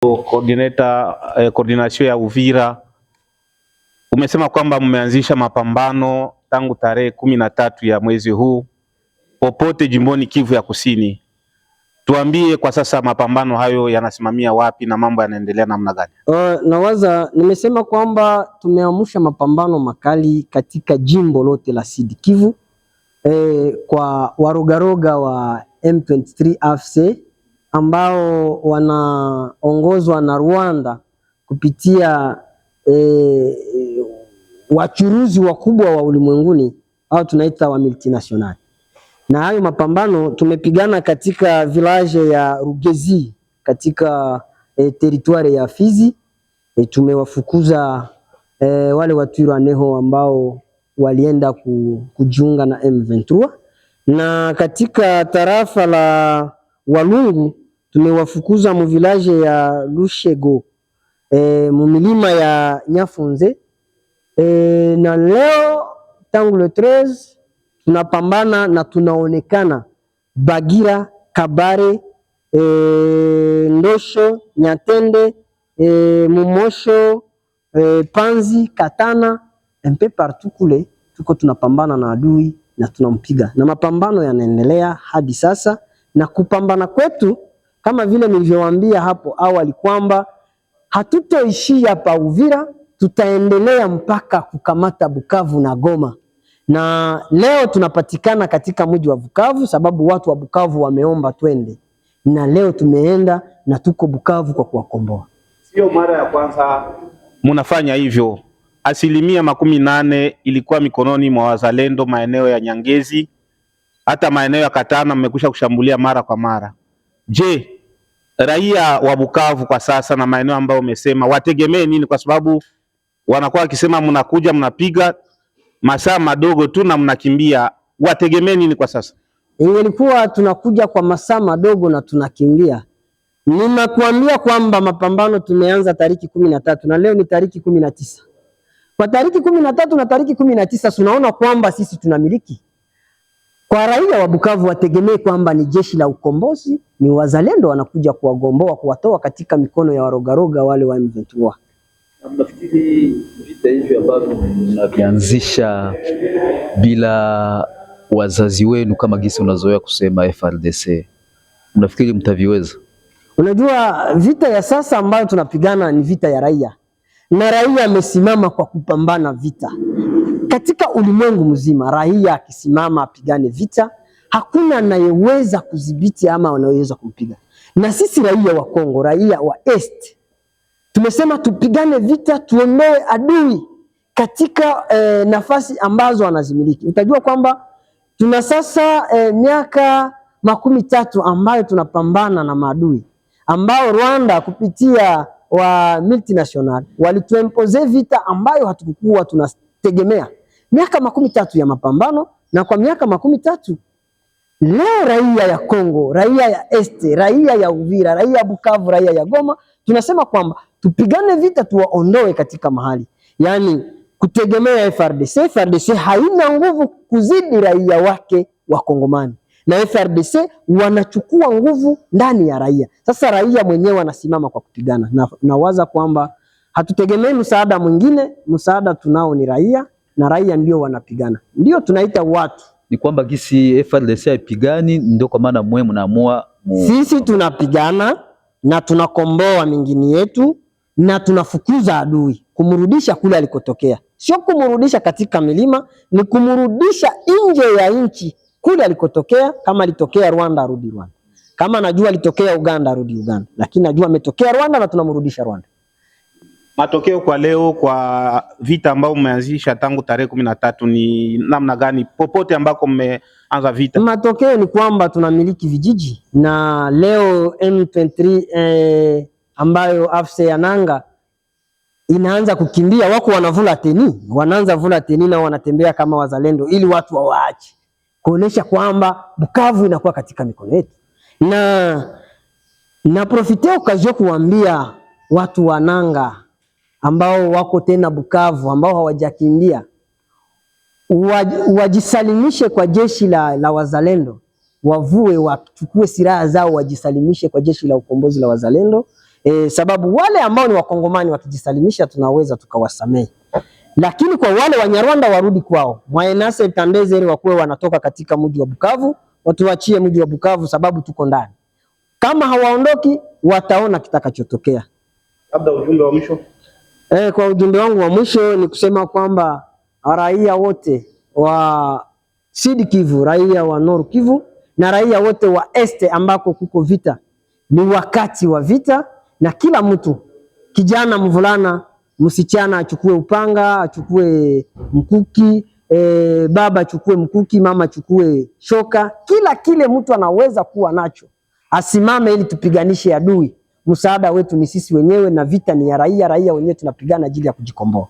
Coordinator eh, coordination ya Uvira umesema kwamba mmeanzisha mapambano tangu tarehe kumi na tatu ya mwezi huu popote jimboni Kivu ya Kusini. Tuambie kwa sasa mapambano hayo yanasimamia wapi na mambo yanaendelea namna gani? Uh, nawaza nimesema kwamba tumeamsha mapambano makali katika jimbo lote la Sud Kivu eh, kwa warogaroga wa M23 AFC ambao wanaongozwa na Rwanda kupitia e, wachuruzi wakubwa wa ulimwenguni au tunaita wa multinational. Na hayo mapambano tumepigana katika village ya Rugezi katika e, eh, territoire ya Fizi e, tumewafukuza e, wale neho ambao walienda ku, kujiunga na M23 na katika tarafa la Walungu tumewafukuza mu village ya Lushego e, mu milima ya Nyafunze e, na leo tangu le 13 tunapambana na tunaonekana Bagira, Kabare e, Ndosho, Nyatende e, Mumosho e, Panzi, Katana mpe partout kule tuko tunapambana na adui na tunampiga na mapambano yanaendelea hadi sasa, na kupambana kwetu kama vile nilivyowaambia hapo awali kwamba hatutoishia pa Uvira, tutaendelea mpaka kukamata Bukavu na Goma, na leo tunapatikana katika mji wa Bukavu sababu watu wa Bukavu wameomba twende, na leo tumeenda na tuko Bukavu kwa kuwakomboa. Sio mara ya kwanza munafanya hivyo. Asilimia makumi nane ilikuwa mikononi mwa wazalendo maeneo ya Nyangezi, hata maeneo ya Katana mmekwisha kushambulia mara kwa mara. Je, raia wa Bukavu kwa sasa na maeneo ambayo umesema wategemee nini? Kwa sababu wanakuwa wakisema mnakuja mnapiga masaa madogo tu na mnakimbia, wategemee nini kwa sasa? Ingelikuwa tunakuja kwa masaa madogo na tunakimbia, ninakuambia kwamba mapambano tumeanza tariki kumi na tatu na leo ni tariki kumi na tisa kwa tariki kumi na tatu na tariki kumi na tisa tunaona kwamba sisi tunamiliki kwa raia wa Bukavu wategemee kwamba ni jeshi la ukombozi, ni wazalendo wanakuja kuwagomboa, kuwatoa katika mikono ya warogaroga wale wa M23. Nafikiri vita hivi ambavyo mnavianzisha bila wazazi wenu kama gisi unazoea kusema FRDC, unafikiri mtaviweza? Unajua vita ya sasa ambayo tunapigana ni vita ya raia, na raia amesimama kwa kupambana vita katika ulimwengu mzima raia akisimama apigane vita, hakuna anayeweza kudhibiti ama anayeweza kumpiga. Na sisi raia wa Kongo, raia wa Est, tumesema tupigane vita, tuondoe adui katika eh, nafasi ambazo anazimiliki. Utajua kwamba tuna sasa eh, miaka makumi tatu ambayo tunapambana na maadui ambao Rwanda kupitia wa multinational walituempoze vita ambayo hatukukuwa tunategemea miaka makumi tatu ya mapambano, na kwa miaka makumi tatu leo raia ya Kongo, raia ya Este, raia ya Uvira, raia ya Bukavu, raia ya Goma tunasema kwamba tupigane vita, tuwaondoe katika mahali, yaani kutegemea FRDC. FRDC haina nguvu kuzidi raia wake wa Kongomani na FRDC wanachukua nguvu ndani ya raia. Sasa raia mwenyewe wanasimama kwa kupigana, na nawaza kwamba hatutegemei msaada mwingine, msaada tunao ni raia na raia ndio wanapigana, ndio tunaita watu ni kwamba gisi FARDC haipigani, ndio kwa maana mwe mnaamua mu... sisi tunapigana na tunakomboa mingini yetu na tunafukuza adui, kumrudisha kule alikotokea, sio kumrudisha katika milima, ni kumrudisha nje ya nchi kule alikotokea. Kama alitokea Rwanda, arudi Rwanda. Kama najua alitokea Uganda, arudi Uganda, lakini najua ametokea Rwanda na tunamrudisha Rwanda. Matokeo kwa leo kwa vita ambao mmeanzisha tangu tarehe kumi na tatu ni namna gani, popote ambako mmeanza vita? Matokeo ni kwamba tunamiliki vijiji na leo M23 eh, ambayo afse ya nanga inaanza kukimbia, wako wanavula teni, wanaanza vula teni na wanatembea kama wazalendo, ili watu wawaache, kuonesha kwamba Bukavu inakuwa katika mikono yetu, na na profite okasion kuambia watu wananga ambao wako tena Bukavu, ambao hawajakimbia wajisalimishe kwa jeshi la, la wazalendo, wavue wachukue silaha zao wajisalimishe kwa jeshi la ukombozi la wazalendo. E, sababu wale ambao ni wakongomani wakijisalimisha tunaweza tukawasamehe, lakini kwa wale Wanyarwanda warudi kwao. Mwaenase ili wakuwe wanatoka katika mji wa Bukavu, watuachie mji wa Bukavu sababu tuko ndani. Kama hawaondoki wataona kitakachotokea. Labda ujumbe wa mwisho. Eh, kwa ujumbe wangu wa mwisho ni kusema kwamba raia wote wa Sud Kivu, raia wa Nord Kivu na raia wote wa este ambako kuko vita, ni wakati wa vita, na kila mtu, kijana, mvulana, msichana achukue upanga, achukue mkuki e, baba achukue mkuki, mama achukue shoka, kila kile mtu anaweza kuwa nacho, asimame ili tupiganishe adui. Msaada wetu ni sisi wenyewe, na vita ni ya raia, raia wenyewe tunapigana ajili ya kujikomboa.